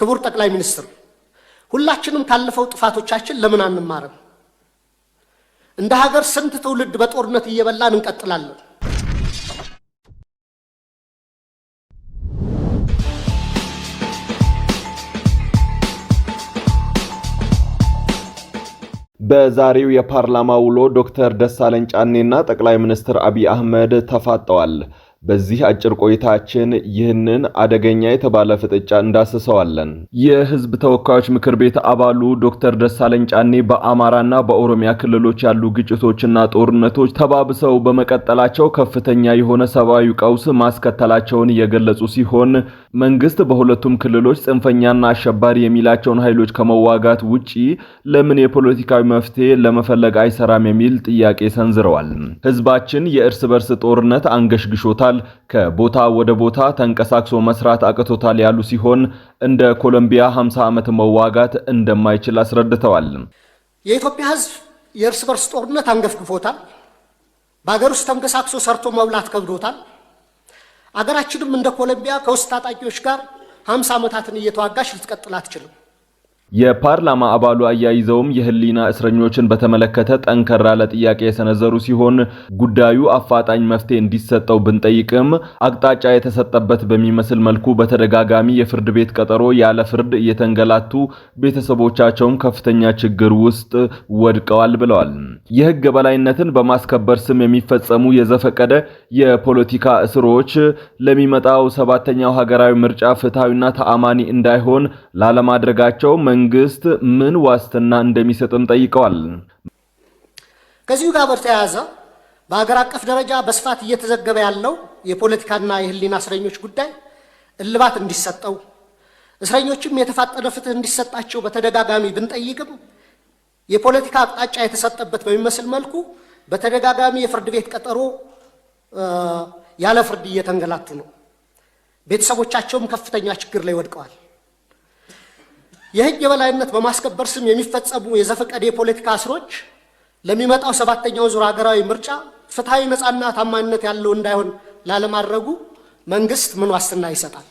ክቡር ጠቅላይ ሚኒስትር፣ ሁላችንም ካለፈው ጥፋቶቻችን ለምን አንማርም? እንደ ሀገር ስንት ትውልድ በጦርነት እየበላን እንቀጥላለን? በዛሬው የፓርላማ ውሎ ዶክተር ደሳለኝ ጫኔና ጠቅላይ ሚኒስትር አብይ አህመድ ተፋጠዋል። በዚህ አጭር ቆይታችን ይህንን አደገኛ የተባለ ፍጥጫ እንዳስሰዋለን። የህዝብ ተወካዮች ምክር ቤት አባሉ ዶክተር ደሳለኝ ጫኔ በአማራና በኦሮሚያ ክልሎች ያሉ ግጭቶችና ጦርነቶች ተባብሰው በመቀጠላቸው ከፍተኛ የሆነ ሰብአዊ ቀውስ ማስከተላቸውን እየገለጹ ሲሆን መንግስት በሁለቱም ክልሎች ጽንፈኛና አሸባሪ የሚላቸውን ኃይሎች ከመዋጋት ውጪ ለምን የፖለቲካዊ መፍትሄ ለመፈለግ አይሰራም የሚል ጥያቄ ሰንዝረዋል። ህዝባችን የእርስ በርስ ጦርነት አንገሽግሾታል፣ ከቦታ ወደ ቦታ ተንቀሳቅሶ መስራት አቅቶታል ያሉ ሲሆን እንደ ኮሎምቢያ 50 ዓመት መዋጋት እንደማይችል አስረድተዋል። የኢትዮጵያ ህዝብ የእርስ በርስ ጦርነት አንገፍግፎታል። በሀገር ውስጥ ተንቀሳቅሶ ሰርቶ መብላት ከብዶታል። አገራችንም እንደ ኮሎምቢያ ከውስጥ ታጣቂዎች ጋር ሀምሳ ዓመታትን እየተዋጋሽ ልትቀጥል አትችልም። የፓርላማ አባሉ አያይዘውም የህሊና እስረኞችን በተመለከተ ጠንከር ያለ ጥያቄ የሰነዘሩ ሲሆን ጉዳዩ አፋጣኝ መፍትሄ እንዲሰጠው ብንጠይቅም አቅጣጫ የተሰጠበት በሚመስል መልኩ በተደጋጋሚ የፍርድ ቤት ቀጠሮ ያለ ፍርድ እየተንገላቱ ቤተሰቦቻቸውም ከፍተኛ ችግር ውስጥ ወድቀዋል ብለዋል። የህግ በላይነትን በማስከበር ስም የሚፈጸሙ የዘፈቀደ የፖለቲካ እስሮች ለሚመጣው ሰባተኛው ሀገራዊ ምርጫ ፍትሐዊና ተአማኒ እንዳይሆን ላለማድረጋቸው መንግስት ምን ዋስትና እንደሚሰጥም ጠይቀዋል። ከዚሁ ጋር በተያያዘ በሀገር አቀፍ ደረጃ በስፋት እየተዘገበ ያለው የፖለቲካና የህሊና እስረኞች ጉዳይ እልባት እንዲሰጠው እስረኞችም የተፋጠነ ፍትህ እንዲሰጣቸው በተደጋጋሚ ብንጠይቅም የፖለቲካ አቅጣጫ የተሰጠበት በሚመስል መልኩ በተደጋጋሚ የፍርድ ቤት ቀጠሮ ያለ ፍርድ እየተንገላቱ ነው። ቤተሰቦቻቸውም ከፍተኛ ችግር ላይ ወድቀዋል። የህግ የበላይነት በማስከበር ስም የሚፈጸሙ የዘፈቀድ የፖለቲካ እስሮች ለሚመጣው ሰባተኛው ዙር ሀገራዊ ምርጫ ፍትሐዊ ነፃና ታማኝነት ያለው እንዳይሆን ላለማድረጉ መንግስት ምን ዋስትና ይሰጣል?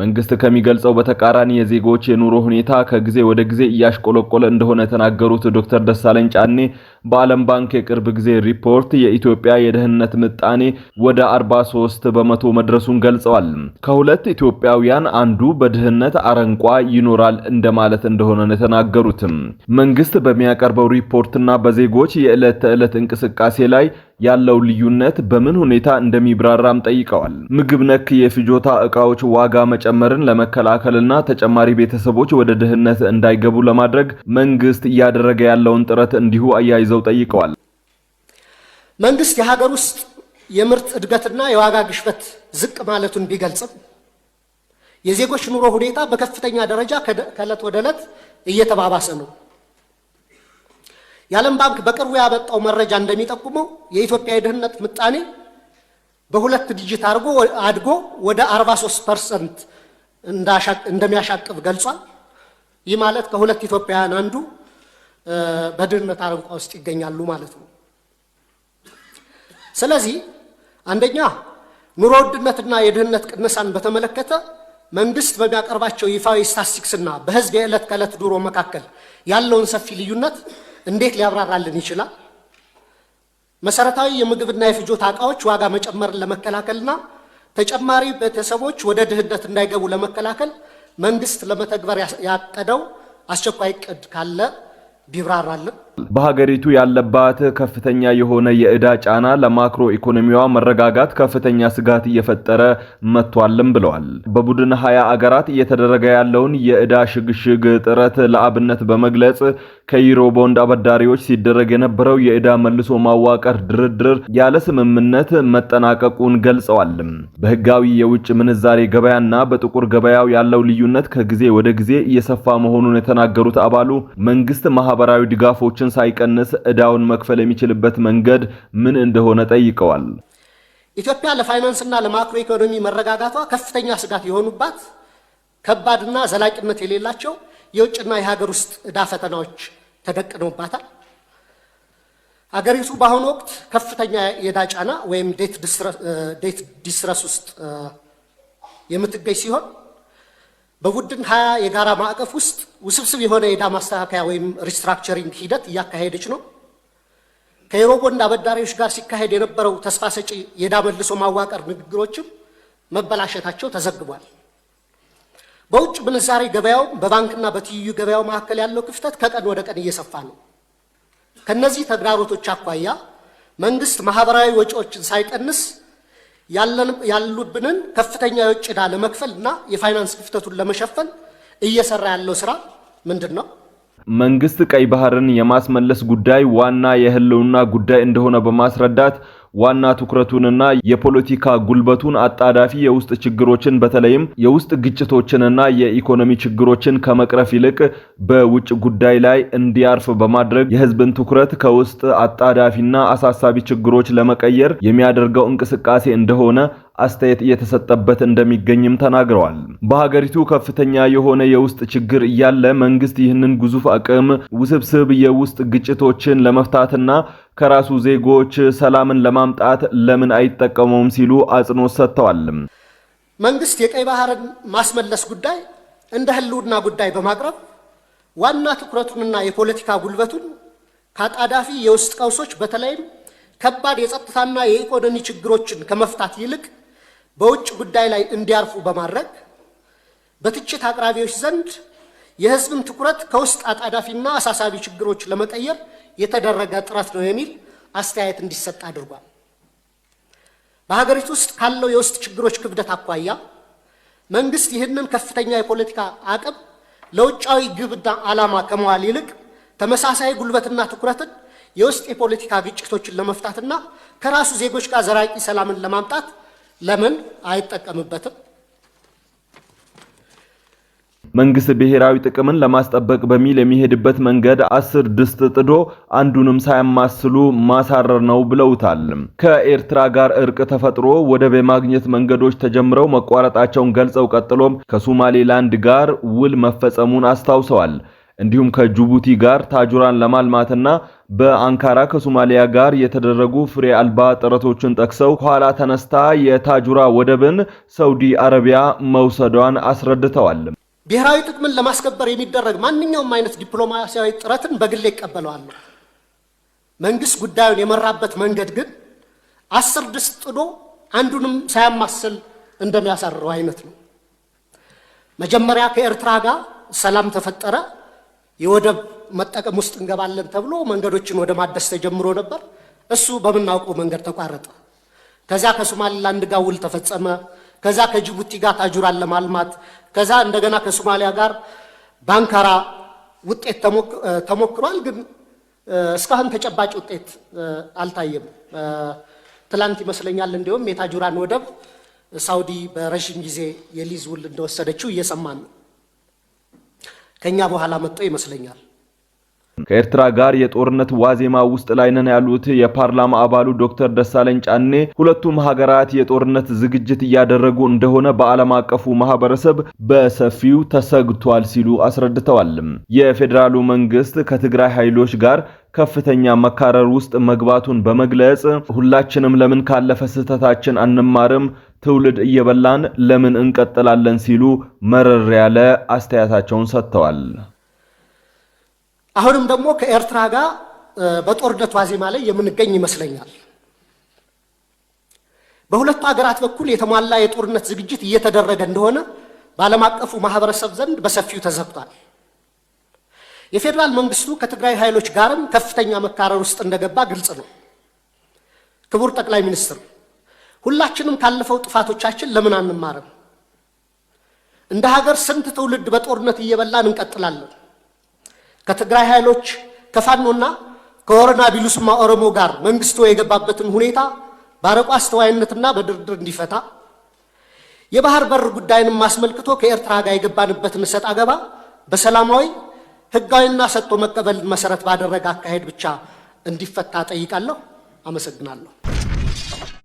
መንግስት ከሚገልጸው በተቃራኒ የዜጎች የኑሮ ሁኔታ ከጊዜ ወደ ጊዜ እያሽቆለቆለ እንደሆነ የተናገሩት ዶክተር ደሳለኝ ጫኔ በዓለም ባንክ የቅርብ ጊዜ ሪፖርት የኢትዮጵያ የደህንነት ምጣኔ ወደ 43 በመቶ መድረሱን ገልጸዋል። ከሁለት ኢትዮጵያውያን አንዱ በድህነት አረንቋ ይኖራል እንደማለት እንደሆነ ነው የተናገሩትም መንግስት በሚያቀርበው ሪፖርትና በዜጎች የዕለት ተዕለት እንቅስቃሴ ላይ ያለው ልዩነት በምን ሁኔታ እንደሚብራራም ጠይቀዋል። ምግብ ነክ የፍጆታ እቃዎች ዋጋ መጨመርን ለመከላከልና ተጨማሪ ቤተሰቦች ወደ ድህነት እንዳይገቡ ለማድረግ መንግስት እያደረገ ያለውን ጥረት እንዲሁ አያይዘው ጠይቀዋል። መንግስት የሀገር ውስጥ የምርት እድገትና የዋጋ ግሽበት ዝቅ ማለቱን ቢገልጽም የዜጎች ኑሮ ሁኔታ በከፍተኛ ደረጃ ከእለት ወደ እለት እየተባባሰ ነው። የዓለም ባንክ በቅርቡ ያበጣው መረጃ እንደሚጠቁመው የኢትዮጵያ የድህነት ምጣኔ በሁለት ዲጂት አድርጎ አድጎ ወደ 43 ፐርሰንት እንደሚያሻቅብ ገልጿል። ይህ ማለት ከሁለት ኢትዮጵያውያን አንዱ በድህነት አረንቋ ውስጥ ይገኛሉ ማለት ነው። ስለዚህ አንደኛ ኑሮ ውድነትና የድህነት ቅነሳን በተመለከተ መንግስት በሚያቀርባቸው ይፋዊ ስታስቲክስና በህዝብ የዕለት ከዕለት ዱሮ መካከል ያለውን ሰፊ ልዩነት እንዴት ሊያብራራልን ይችላል? መሰረታዊ የምግብና የፍጆታ እቃዎች ዋጋ መጨመርን ለመከላከልና ተጨማሪ ቤተሰቦች ወደ ድህነት እንዳይገቡ ለመከላከል መንግስት ለመተግበር ያቀደው አስቸኳይ እቅድ ካለ ቢብራራልን። በሀገሪቱ ያለባት ከፍተኛ የሆነ የዕዳ ጫና ለማክሮ ኢኮኖሚዋ መረጋጋት ከፍተኛ ስጋት እየፈጠረ መጥቷልም ብለዋል። በቡድን ሀያ አገራት እየተደረገ ያለውን የዕዳ ሽግሽግ ጥረት ለአብነት በመግለጽ ከዩሮ ቦንድ አበዳሪዎች ሲደረግ የነበረው የዕዳ መልሶ ማዋቀር ድርድር ያለ ስምምነት መጠናቀቁን ገልጸዋል። በህጋዊ የውጭ ምንዛሬ ገበያና በጥቁር ገበያው ያለው ልዩነት ከጊዜ ወደ ጊዜ እየሰፋ መሆኑን የተናገሩት አባሉ መንግስት ማህበራዊ ድጋፎችን ሳይቀንስ እዳውን መክፈል የሚችልበት መንገድ ምን እንደሆነ ጠይቀዋል። ኢትዮጵያ ለፋይናንስና ለማክሮ ኢኮኖሚ መረጋጋቷ ከፍተኛ ስጋት የሆኑባት ከባድና ዘላቂነት የሌላቸው የውጭና የሀገር ውስጥ እዳ ፈተናዎች ተደቅኖባታል። አገሪቱ በአሁኑ ወቅት ከፍተኛ የዕዳ ጫና ወይም ዴት ዲስትረስ ውስጥ የምትገኝ ሲሆን በቡድን ሀያ የጋራ ማዕቀፍ ውስጥ ውስብስብ የሆነ የዕዳ ማስተካከያ ወይም ሪስትራክቸሪንግ ሂደት እያካሄደች ነው። ከዩሮቦንድ አበዳሪዎች ጋር ሲካሄድ የነበረው ተስፋ ሰጪ የዕዳ መልሶ ማዋቀር ንግግሮችም መበላሸታቸው ተዘግቧል። በውጭ ምንዛሬ ገበያው በባንክና በትይዩ ገበያው መካከል ያለው ክፍተት ከቀን ወደ ቀን እየሰፋ ነው። ከነዚህ ተግዳሮቶች አኳያ መንግስት ማህበራዊ ወጪዎችን ሳይቀንስ ያሉብንን ከፍተኛ የውጭ ዕዳ ለመክፈል እና የፋይናንስ ክፍተቱን ለመሸፈን እየሰራ ያለው ስራ ምንድን ነው? መንግስት ቀይ ባህርን የማስመለስ ጉዳይ ዋና የህልውና ጉዳይ እንደሆነ በማስረዳት ዋና ትኩረቱንና የፖለቲካ ጉልበቱን አጣዳፊ የውስጥ ችግሮችን በተለይም የውስጥ ግጭቶችንና የኢኮኖሚ ችግሮችን ከመቅረፍ ይልቅ በውጭ ጉዳይ ላይ እንዲያርፍ በማድረግ የህዝብን ትኩረት ከውስጥ አጣዳፊና አሳሳቢ ችግሮች ለመቀየር የሚያደርገው እንቅስቃሴ እንደሆነ አስተያየት እየተሰጠበት እንደሚገኝም ተናግረዋል። በሀገሪቱ ከፍተኛ የሆነ የውስጥ ችግር እያለ መንግስት ይህንን ግዙፍ አቅም ውስብስብ የውስጥ ግጭቶችን ለመፍታትና ከራሱ ዜጎች ሰላምን ለማምጣት ለምን አይጠቀመውም ሲሉ አጽንኦት ሰጥተዋል። መንግስት የቀይ ባህርን ማስመለስ ጉዳይ እንደ ህልውና ጉዳይ በማቅረብ ዋና ትኩረቱንና የፖለቲካ ጉልበቱን ከአጣዳፊ የውስጥ ቀውሶች በተለይም ከባድ የጸጥታና የኢኮኖሚ ችግሮችን ከመፍታት ይልቅ በውጭ ጉዳይ ላይ እንዲያርፉ በማድረግ በትችት አቅራቢዎች ዘንድ የህዝብን ትኩረት ከውስጥ አጣዳፊና አሳሳቢ ችግሮች ለመቀየር የተደረገ ጥረት ነው የሚል አስተያየት እንዲሰጥ አድርጓል። በሀገሪቱ ውስጥ ካለው የውስጥ ችግሮች ክብደት አኳያ መንግስት ይህንን ከፍተኛ የፖለቲካ አቅም ለውጫዊ ግብና ዓላማ ከመዋል ይልቅ ተመሳሳይ ጉልበትና ትኩረትን የውስጥ የፖለቲካ ግጭቶችን ለመፍታትና ከራሱ ዜጎች ጋር ዘራቂ ሰላምን ለማምጣት ለምን አይጠቀምበትም? መንግስት ብሔራዊ ጥቅምን ለማስጠበቅ በሚል የሚሄድበት መንገድ አስር ድስት ጥዶ አንዱንም ሳያማስሉ ማሳረር ነው ብለውታል። ከኤርትራ ጋር እርቅ ተፈጥሮ ወደብ የማግኘት መንገዶች ተጀምረው መቋረጣቸውን ገልጸው ቀጥሎም ከሶማሌላንድ ጋር ውል መፈጸሙን አስታውሰዋል። እንዲሁም ከጅቡቲ ጋር ታጁራን ለማልማትና በአንካራ ከሶማሊያ ጋር የተደረጉ ፍሬ አልባ ጥረቶችን ጠቅሰው ከኋላ ተነስታ የታጁራ ወደብን ሳውዲ አረቢያ መውሰዷን አስረድተዋል። ብሔራዊ ጥቅምን ለማስከበር የሚደረግ ማንኛውም አይነት ዲፕሎማሲያዊ ጥረትን በግሌ ይቀበለዋለሁ። መንግስት ጉዳዩን የመራበት መንገድ ግን አስር ድስት ጥዶ አንዱንም ሳያማስል እንደሚያሳርረው አይነት ነው። መጀመሪያ ከኤርትራ ጋር ሰላም ተፈጠረ። የወደብ መጠቀም ውስጥ እንገባለን ተብሎ መንገዶችን ወደ ማደስ ተጀምሮ ነበር። እሱ በምናውቀው መንገድ ተቋረጠ። ከዛ ከሶማሊላንድ ጋር ውል ተፈጸመ። ከዛ ከጅቡቲ ጋር ታጁራን ለማልማት ከዛ እንደገና ከሶማሊያ ጋር በአንካራ ውጤት ተሞክሯል፣ ግን እስካሁን ተጨባጭ ውጤት አልታየም። ትላንት ይመስለኛል እንዲሁም የታጁራን ወደብ ሳውዲ በረዥም ጊዜ የሊዝ ውል እንደወሰደችው እየሰማን ነው። ከእኛ በኋላ መጥቶ ይመስለኛል። ከኤርትራ ጋር የጦርነት ዋዜማ ውስጥ ላይ ነን ያሉት የፓርላማ አባሉ ዶክተር ደሳለኝ ጫኔ ሁለቱም ሀገራት የጦርነት ዝግጅት እያደረጉ እንደሆነ በዓለም አቀፉ ማህበረሰብ በሰፊው ተሰግቷል ሲሉ አስረድተዋል። የፌዴራሉ መንግስት ከትግራይ ኃይሎች ጋር ከፍተኛ መካረር ውስጥ መግባቱን በመግለጽ ሁላችንም ለምን ካለፈ ስህተታችን አንማርም ትውልድ እየበላን ለምን እንቀጥላለን ሲሉ መረር ያለ አስተያየታቸውን ሰጥተዋል። አሁንም ደግሞ ከኤርትራ ጋር በጦርነት ዋዜማ ላይ የምንገኝ ይመስለኛል። በሁለቱ ሀገራት በኩል የተሟላ የጦርነት ዝግጅት እየተደረገ እንደሆነ በዓለም አቀፉ ማህበረሰብ ዘንድ በሰፊው ተዘግቷል። የፌዴራል መንግስቱ ከትግራይ ኃይሎች ጋርም ከፍተኛ መካረር ውስጥ እንደገባ ግልጽ ነው። ክቡር ጠቅላይ ሚኒስትር፣ ሁላችንም ካለፈው ጥፋቶቻችን ለምን አንማርም? እንደ ሀገር ስንት ትውልድ በጦርነት እየበላን እንቀጥላለን? ከትግራይ ኃይሎች ከፋኖና ከወረና ቢሉስማ ኦሮሞ ጋር መንግስቱ የገባበትን ሁኔታ በአርቆ አስተዋይነትና በድርድር እንዲፈታ የባህር በር ጉዳይንም አስመልክቶ ከኤርትራ ጋር የገባንበትን እሰጥ አገባ በሰላማዊ ህጋዊና ሰጥቶ መቀበል መሰረት ባደረገ አካሄድ ብቻ እንዲፈታ ጠይቃለሁ። አመሰግናለሁ።